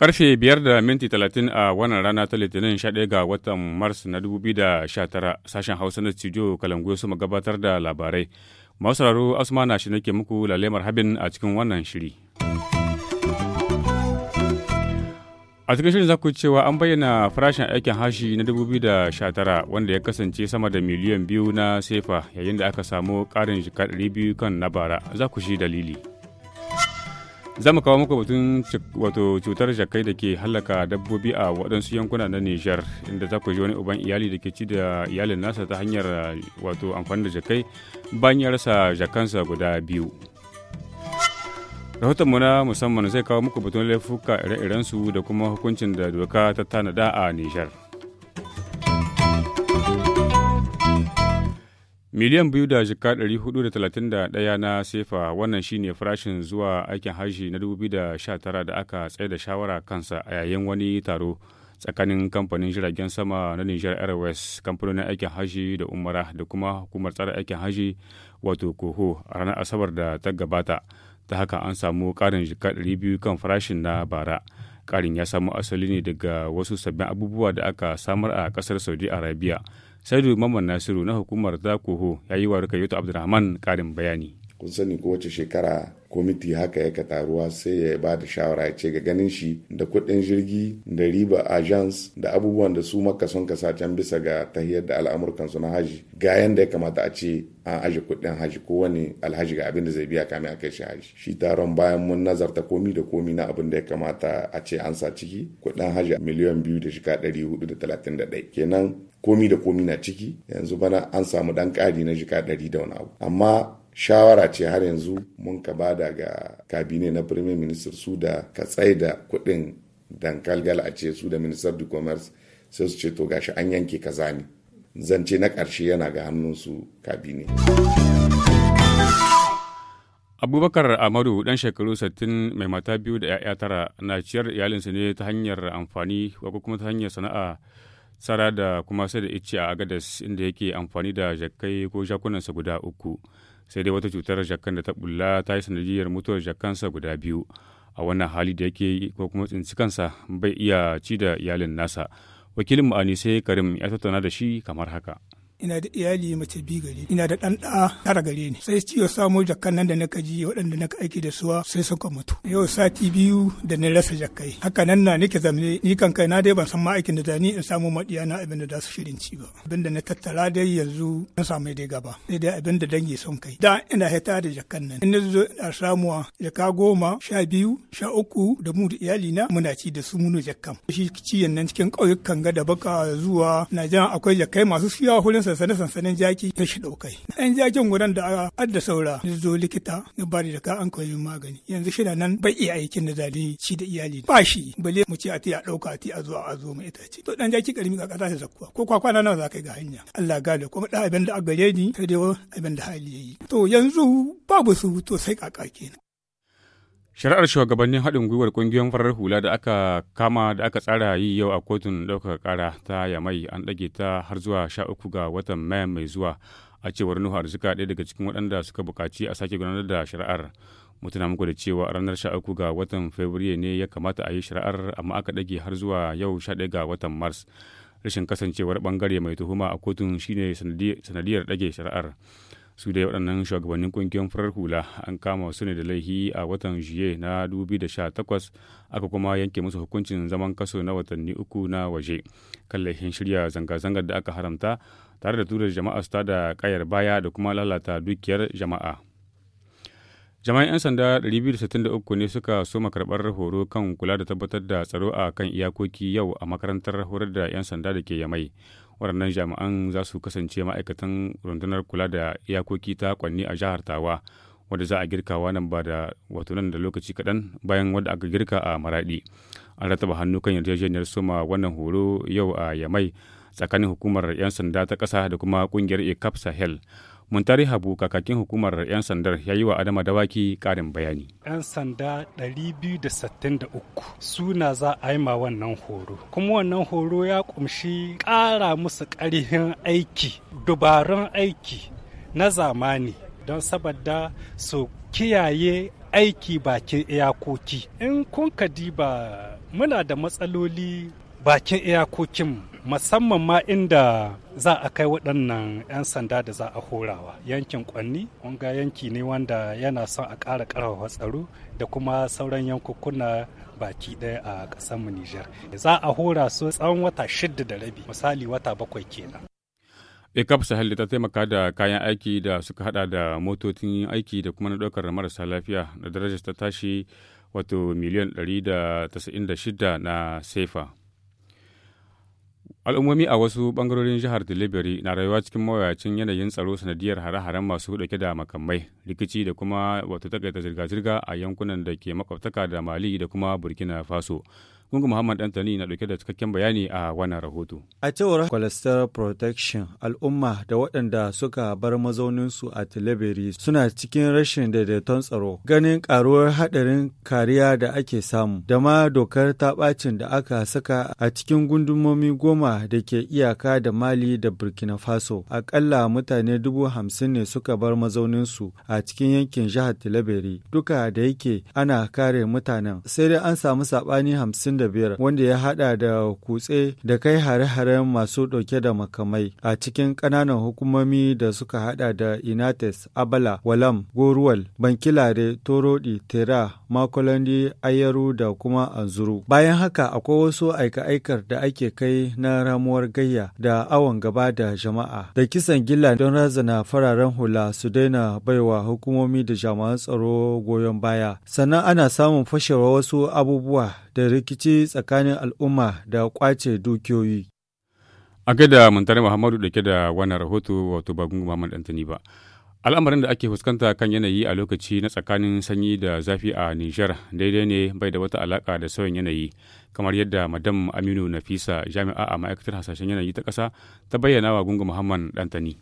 Karfe biyar da minti talatin a wannan rana ta Litinin 11 ga watan Mars na da tara sashen Hausa na studio Kalangu su gabatar da labarai. Masu sauraro asuma na shi nake muku lalemar habin a cikin wannan shiri. a cikin shirin za ku cewa an bayyana farashin aikin hashi na 2019 wanda ya kasance sama da miliyan biyu na sefa yayin da aka samu karin jika biyu kan na bara za ku shi dalili za mu kawo muku batun wato cutar jakai da ke hallaka dabbobi a waɗansu yankuna na nijar inda za ku ji wani uban iyali da ke ci da iyalin nasa ta hanyar wato amfani da jakai bayan ya rasa jakansa guda biyu rahotonmu na musamman zai kawo muku batun laifuka ire iren su da kuma hukuncin da doka ta tanada a nijar miliyan biyu da jika ɗari hudu da talatin da ɗaya na sefa wannan shine farashin zuwa aikin hajji na dubu da sha tara da aka tsaye da shawara kansa a yayin wani taro tsakanin kamfanin jiragen sama na Niger Airways kamfanonin aikin hajji da umara da kuma hukumar tsara aikin hajji wato koho a ranar asabar da ta gabata. ta haka an samu ƙarin jika 200 kan farashin na bara ƙarin ya samu asali ne daga wasu sabbin abubuwa da aka samar a ƙasar saudi arabia saidu mamman nasiru na hukumar zakoho ya yi wa rukayyuta abdulrahman ƙarin bayani kun sani ko wace shekara kwamiti haka ya taruwa sai ya ba da shawara ya ce ga ganin shi da kuɗin jirgi da riba agents da abubuwan da su maka son kasa can bisa ga tahiyar da al'amurkan su na haji ga yanda ya kamata a ce an aje kuɗin haji ko wani alhaji ga abin da zai biya kamin a kai shi haji shi taron bayan mun nazarta komi da komi na abin da ya kamata a ce an sa ciki kuɗin haji miliyan biyu da shika ɗari hudu da talatin da ɗaya kenan komi da komi na ciki yanzu bana an samu ɗan ƙari na shika ɗari da wani abu amma shawara ce har yanzu mun ka bada ga kabine na premier minister su da ka da kudin dankalgal a ce su da minister du commerce sai su ce to gashi an yanke kazani zani zance na karshe yana ga hannunsu kabine. abubakar amadu dan shekaru 60 mai mata biyu da 'ya'ya tara na ciyar iyalinsu ne ta hanyar amfani ko kuma ta hanyar sana'a sara da kuma sai da ice a agadas inda yake amfani da jakai ko jakunansa guda uku sai dai wata cutar jakan da ta bulla ta yi sanadiyar mutuwar jakansa guda biyu a wannan hali da yake ko kuma tsinci kansa bai iya ci da iyalin nasa wakilin mu anise karim ya tattauna da shi kamar haka ina da iyali mace bi gare ina da ɗan ɗa tara gare ni sai ciwo samo jakkan nan da na ji waɗanda na aiki da suwa sai suka mutu yau sati biyu da na rasa jakkai haka nan na nake zamne ni kan kai na dai ban san ma aikin da zani in samu maɗiya na abin da za su shirin ci ba abin da na tattara dai yanzu na samu dai gaba sai dai abin da dangi sun kai da ina hita da jakkan nan in zo ina samuwa jaka goma sha biyu sha uku da mu da na muna ci da su munu jakkan shi ciyan nan cikin ƙauyukan ga da baka zuwa na jan akwai jakkai masu siya hulinsa sansane sansanin jaki ya shi ɗaukai. Ɗan jakin wurin da aka adda saura ya zo likita na ba da ka an koyi magani yanzu shida nan bai iya aikin da zalin ci da iyali ba shi bale mu ce a tiya ɗauka a tiya zuwa a zo mai itace. To ɗan jaki karmi ka ƙasa ta zakkuwa ko kwakwana nawa za ka yi ga hanya. Allah gado kuma ɗan abin da a gare ni ta dai abin da hali ya yi. To yanzu babu su to sai ƙaƙa kenan. Shari'ar shugabannin haɗin gwiwar ƙungiyoyin farar hula da aka kama da aka tsara yi yau a kotun ɗaukaka ƙara ta Yamai an ɗage ta har zuwa sha uku ga watan Mai mai zuwa a cewar Nuhu Arzuka ɗaya daga cikin waɗanda suka buƙaci a sake gudanar da shari'ar. Mutuna muku da cewa a ranar sha uku ga watan Fabrairu ne ya kamata a yi shari'ar amma aka ɗage har zuwa yau sha ɗaya ga watan Mars. Rashin kasancewar ɓangare mai tuhuma a kotun shine sanadiyar ɗage shari'ar. su dai waɗannan shugabannin ƙungiyar farar hula an kama su ne da laifi a watan juye na 2018 aka kuma yanke musu hukuncin zaman kaso na watanni uku na waje kan laifin shirya zanga-zangar da aka haramta tare da tura jama'a su da kayar baya da kuma lalata dukiyar jama'a jama'an 'yan sanda 263 ne suka soma karɓar horo kan kula da tabbatar da tsaro a kan iyakoki yau a makarantar horar da 'yan sanda da ke yamai waɗannan jami'an za su kasance ma'aikatan rundunar kula da iyakoki ta kwanni a jihar tawa wadda za a girkawa nan ba da wato nan da lokaci kaɗan bayan wadda aka girka a maraɗi an rataba hannu kan yarjejeniyar soma wannan horo yau a yamai tsakanin hukumar 'yan sanda ta ƙasa da kuma ƙungiyar ecap sahel Muntari Habu kakakin hukumar 'yan sandar ya yi wa Adama Dawaki karin bayani. 'Yan sanda 263 suna za a yi ma wannan horo. Kuma wannan horo ya kumshi ƙara musu ƙarfin aiki, dubarun aiki na zamani don saboda su kiyaye aiki bakin iyakoki. In kun diba muna da matsaloli bakin iyakokinmu. musamman ma inda za a kai waɗannan 'yan sanda da za a horawa yankin kwanni wanga yanki ne wanda yana son a ƙara ƙarfafa tsaro da kuma sauran yankukuna baki ɗaya a ƙasarmu Nijar. Za a hora su tsawon wata shidda da rabi misali wata bakwai kenan. ECAP Sahel ta taimaka da kayan aiki da suka hada da motocin aiki da kuma na ɗaukar marasa lafiya na darajar ta tashi wato miliyan 196 na sefa. al'ummomi a wasu bangarorin jihar delivery na rayuwa cikin mawuyacin yanayin tsaro sanadiyar hare-haren masu dauke da makamai rikici da kuma wata takaita zirga jirga a yankunan da ke makwabtaka da mali da kuma burkina faso Gungu Muhammad Dantani na dauke da cikakken bayani a wannan rahoto. A cewar Cholesterol Protection al'umma da waɗanda suka bar mazauninsu a Tilaberi suna cikin rashin daidaiton tsaro ganin ƙaruwar haɗarin kariya da ake samu da ma dokar ta ɓacin da aka saka a cikin gundumomi goma da ke iyaka da Mali da Burkina Faso. Akalla mutane dubu hamsin ne suka bar mazauninsu a cikin yankin jihar Tilaberi duka da yake ana kare mutanen sai dai an samu saɓani hamsin 25 wanda ya hada da kutse da kai hare-haren masu dauke da makamai a cikin kananan hukumomi da suka hada da inates abala walam goruwal bankilare torodi tera makolandi ayaru da kuma anzuru bayan haka akwai wasu aika-aikar da ake kai na ramuwar gayya da awon gaba da jama'a da kisan gilla don razana fararen hula su daina baiwa hukumomi da jami'an tsaro goyon baya sannan ana samun fashewa wasu abubuwa da rikici tsakanin al'umma da kwace dukiyoyi. A gaida Muntari Muhammadu dake da wannan rahoto wato ba gungun Muhammad Antani ba. Al'amarin da ake fuskanta kan yanayi a lokaci na tsakanin sanyi da zafi a Nijar daidai ne bai da wata alaka da sauyin yanayi kamar yadda Madam Aminu Nafisa jami'a a ma'aikatar hasashen yanayi ta ƙasa ta bayyana wa gungun Muhammad Dantani.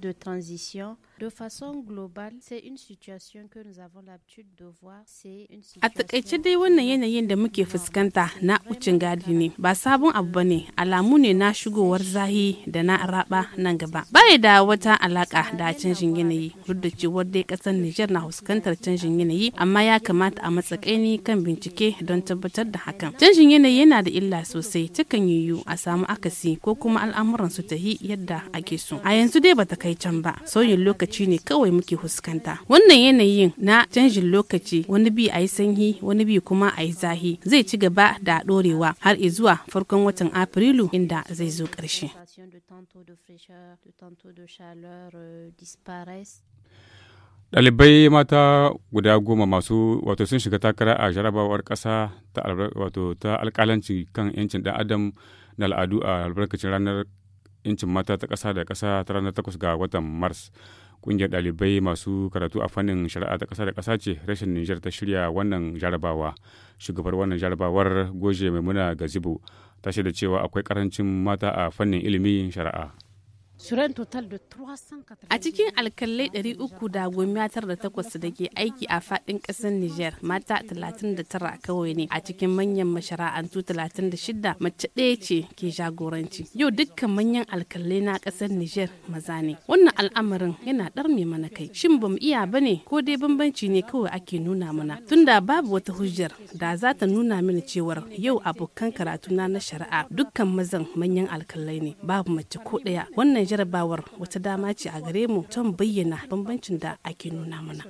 de transition De façon globale, c'est une situation que nous avons l'habitude de voir, c'est une situation A takaice dai wannan yanayin da muke fuskanta na ucin gadi ne, ba sabon abu bane, alamu ne na shigowar zahi da na raba nan gaba. Ba da wata alaka da canjin yanayi, duk da cewar dai ƙasar Nijar na fuskantar canjin yanayi, amma ya kamata a matsakaini kan bincike don tabbatar da hakan. Canjin yanayi yana da illa sosai, takan yiwu a samu akasi ko kuma al'amuran su tahi yadda ake so. A yanzu dai bata kai can ba, sauyin lokaci lokaci ne kawai muke huskanta wannan yanayin na canjin lokaci wani bi a yi sanyi wani bi kuma a yi zahi zai ci gaba da dorewa har zuwa farkon watan afrilu inda zai zo ƙarshe dalibai euh, mata guda goma masu wato sun shiga takara a jarabawar kasa ta wato ta alkalanci kan 'yancin ɗan adam da al'adu a albarkacin ranar 'yancin mata ta kasa da kasa ta ranar 8 ga watan Mars. Ƙungiyar ɗalibai masu karatu a fannin shari'a ta ƙasa da kasa ce rashin Nijar ta shirya wannan jarabawa. Shugabar wannan jarabawar Goje Maimuna Gazibo ta da cewa akwai karancin mata a fannin ilimin shari'a. A cikin alkalai 398 da ke aiki a fadin kasar Nijar, mata 39 kawai ne a cikin manyan mashara'antu 36 mace ɗaya ce ke jagoranci. Yau dukkan manyan alkalai na kasar Nijar maza ne. Wannan al'amarin yana ɗar mai mana kai. Shin bamu iya ba ne ko dai bambanci ne kawai ake nuna mana. Tunda babu wata hujjar da za ta nuna mini cewar yau abokan karatuna na shari'a dukkan mazan manyan alkalai ne babu mace ko ɗaya. Wannan jarabawar wata dama ce a gare mu ton bayyana bambancin da ake nuna mana.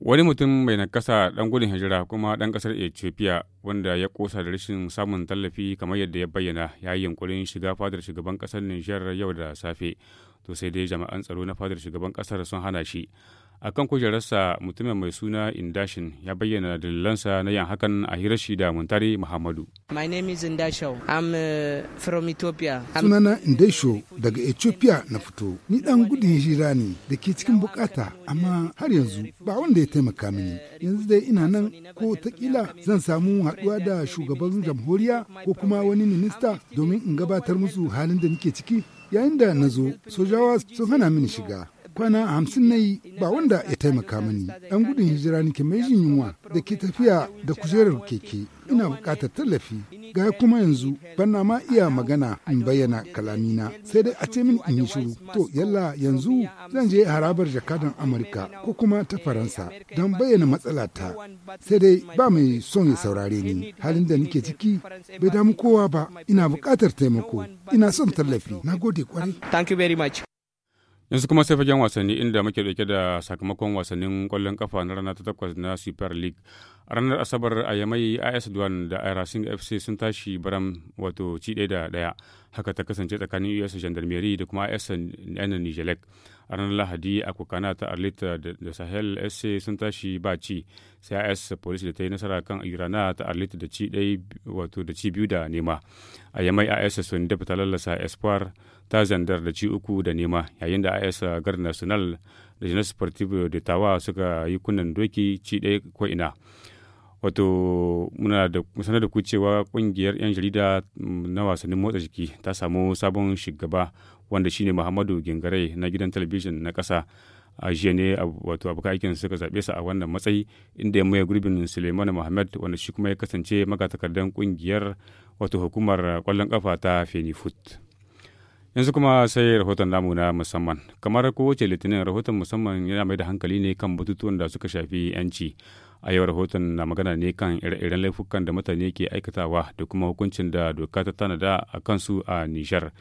Wani mutum mai nakasa ɗan gudun hijira kuma ɗan ƙasar Ethiopia wanda ya kosa da rashin samun tallafi kamar yadda ya bayyana ya yi yunƙurin shiga fadar shugaban ƙasar Nijar yau da safe. To sai dai jama'an tsaro na fadar shugaban ƙasar sun hana shi. a kan kujerarsa mutumin mai suna indashin ya bayyana dalilansa na yin hakan a hirar shi da muntari muhammadu my name is indasho i'm uh, from ethiopia sunana indasho daga ethiopia na fito ni dan gudun hira ne da ke cikin bukata amma har yanzu ba wanda ya taimaka mini yanzu dai ina nan ko takila zan samu haduwa da shugaban jamhuriya ko kuma wani minista domin in gabatar musu halin da nake ciki yayin da na zo sojawa sun hana mini shiga kwana hamsin na yi ba wanda ya taimaka mani ɗan gudun hijira nake mai jin yunwa da ke tafiya da kujerar keke ina buƙatar tallafi ga kuma yanzu na ma iya magana in bayyana kalamina sai dai a ce min in yi shiru to yalla yanzu zan je harabar jakadan amurka ko kuma ta faransa don bayyana matsalata sai dai ba mai son ya saurare ni halin da nake ciki bai damu kowa ba ina buƙatar taimako ina son tallafi na gode kwarai thank very much yanzu kuma sai fagen wasanni inda muke dauke da sakamakon wasannin kwallon kafa na rana ta takwas na super league a ranar asabar a yamai is duwan da racing fc sun tashi baram wato ci da daya haka ta kasance tsakanin us gendarmerie da kuma is nijelek a ranar lahadi a kokana ta arlita da sahel sc sun tashi ba ci sai as police da ta yi nasara kan irana ta arlita da ci ɗai wato da ci biyu da nema a yamai as sun dafa ta lallasa espoir ta zandar da ci uku da nema yayin da as gar national da jinar sportive de tawa suka yi kunan doki ci ɗai ko ina wato muna da sanar da ku cewa kungiyar 'yan jarida mm, na wasannin motsa jiki ta samu sabon shugaba wanda shine muhammadu gingare na gidan talabijin na ƙasa a jiya ne wato abokan aikin suka zaɓe sa a wannan matsayi inda ya maye gurbin suleiman muhammad wanda shi kuma ya kasance magatakardan kungiyar wato hukumar kwallon ƙafa ta fenifut yanzu kuma sai rahoton namu na musamman kamar kowace litinin rahoton musamman yana mai da hankali ne kan batutuwan da suka shafi yanci a yau rahoton na magana ne kan ire-iren laifukan da mutane ke aikatawa da kuma hukuncin da doka ta tanada a kansu a nijar.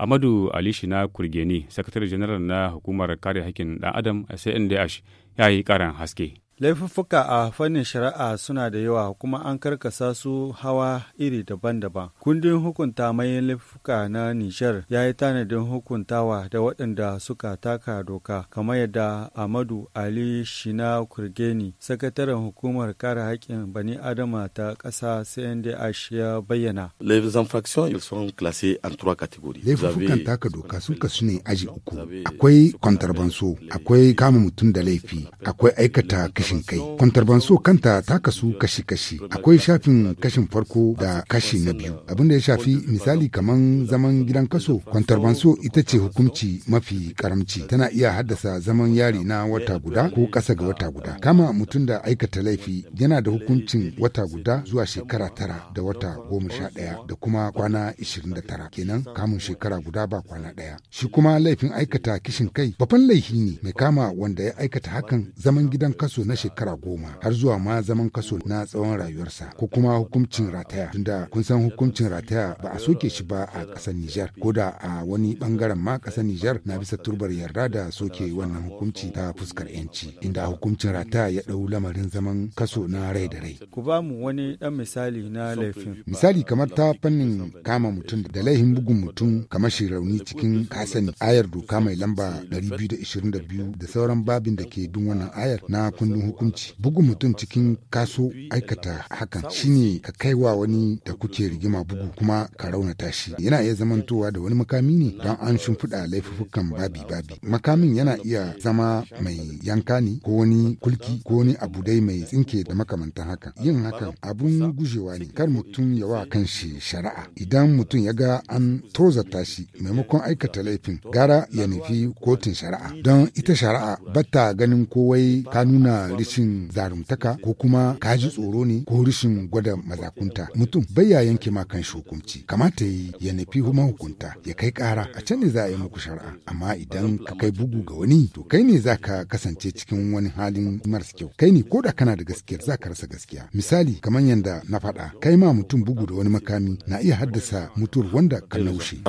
Amadu Ali Shina Kurgeni, sakatare janar na hukumar kare hakkin ɗan Adam a CNDH ya yi ƙaran haske. Laifuffuka a fannin shari'a suna da yawa kuma an karkasa su hawa iri daban-daban. Kundin hukunta mai laifuka na Nijar ya yi tanadin hukuntawa da waɗanda suka taka doka, kamar yadda Amadu Ali Shina Kurgeni, sakataren hukumar kare haƙƙin bani Adama ta ƙasa CNDH ya bayyana. laifuffukan taka doka sun kasu ne aji uku. Akwai kwantarbanso, akwai kama mutum da laifi, akwai aikata kashi kashin kai. Kwantarbanso kanta ta kasu kashi-kashi. Akwai shafin kashin farko da kashi na biyu. Abin da ya shafi misali kaman zaman gidan kaso, kwantarban so ita ce hukunci mafi karamci. Tana iya haddasa zaman yari na wata guda ko ƙasa ga wata guda. Kama mutum da aikata laifi yana da hukuncin wata guda zuwa shekara tara da wata goma sha ɗaya da kuma kwana ishirin da tara kenan kamun shekara guda ba kwana ɗaya. Shi kuma laifin aikata kishin kai babban laifi ne mai kama wanda ya aikata hakan zaman gidan kaso na shekara goma har zuwa ma zaman kaso na tsawon rayuwarsa ko kuma hukuncin rataya tunda kun san hukuncin rataya ba a soke shi ba a ƙasar Nijar ko da a wani bangaren ma ƙasar Nijar na bisa turbar yarda da soke wannan hukunci ta fuskar yanci inda hukuncin rataya ya dau lamarin zaman kaso na rai da rai. Ku ba mu wani ɗan misali na laifin. Misali kamar ta fannin kama mutum da laifin bugun mutum kamar shi rauni cikin kasan ayar doka mai lamba 222 da sauran babin da ke bin wannan ayar na kundin hukunci bugu mutum cikin kaso aikata hakan shine ka kaiwa wani da kuke rigima bugu kuma ka raunata shi yana iya zamantowa da wani makami ne don an shimfiɗa laifukan babi babi makamin yana iya zama mai yanka ne ko wani kulki ko wani abu dai mai tsinke da makamantan haka yin hakan abun gujewa ne kar mutum ya wa kanshi shari'a idan mutum ya ga an toza shi maimakon aikata laifin gara ya nufi kotun shari'a don ita shari'a bata ganin kowai ka nuna rishin zarumtaka ko kuma kaji tsoro ne ko rishin gwada mazakunta mutum bai ya yanke ma kan hukunci kamata yi ya nufi kuma hukunta ya kai kara a can ne za a yi muku shari'a amma idan ka kai bugu ga wani to kai ne za ka kasance cikin wani halin maras kyau kai ne ko da kana da gaskiyar za ka rasa gaskiya misali kamar yadda na faɗa kai ma mutum bugu da wani makami na iya haddasa mutuwar wanda ka naushe.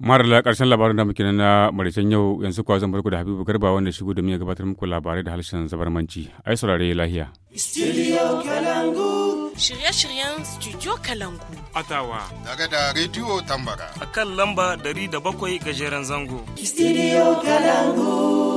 Marala ƙarshen labarin da muke na maricen yau yanzu kuwa zan barku da Habibu Garba wanda shigo da ya gabatar muku labarai da harshen zabarmanci. Ai saurare lahiya. Studio Kalangu. Shirye-shiryen Studio Kalangu. Atawa. Daga da Radio Tambara. A kan lamba dari da bakwai gajeren zango. Studio Kalangu.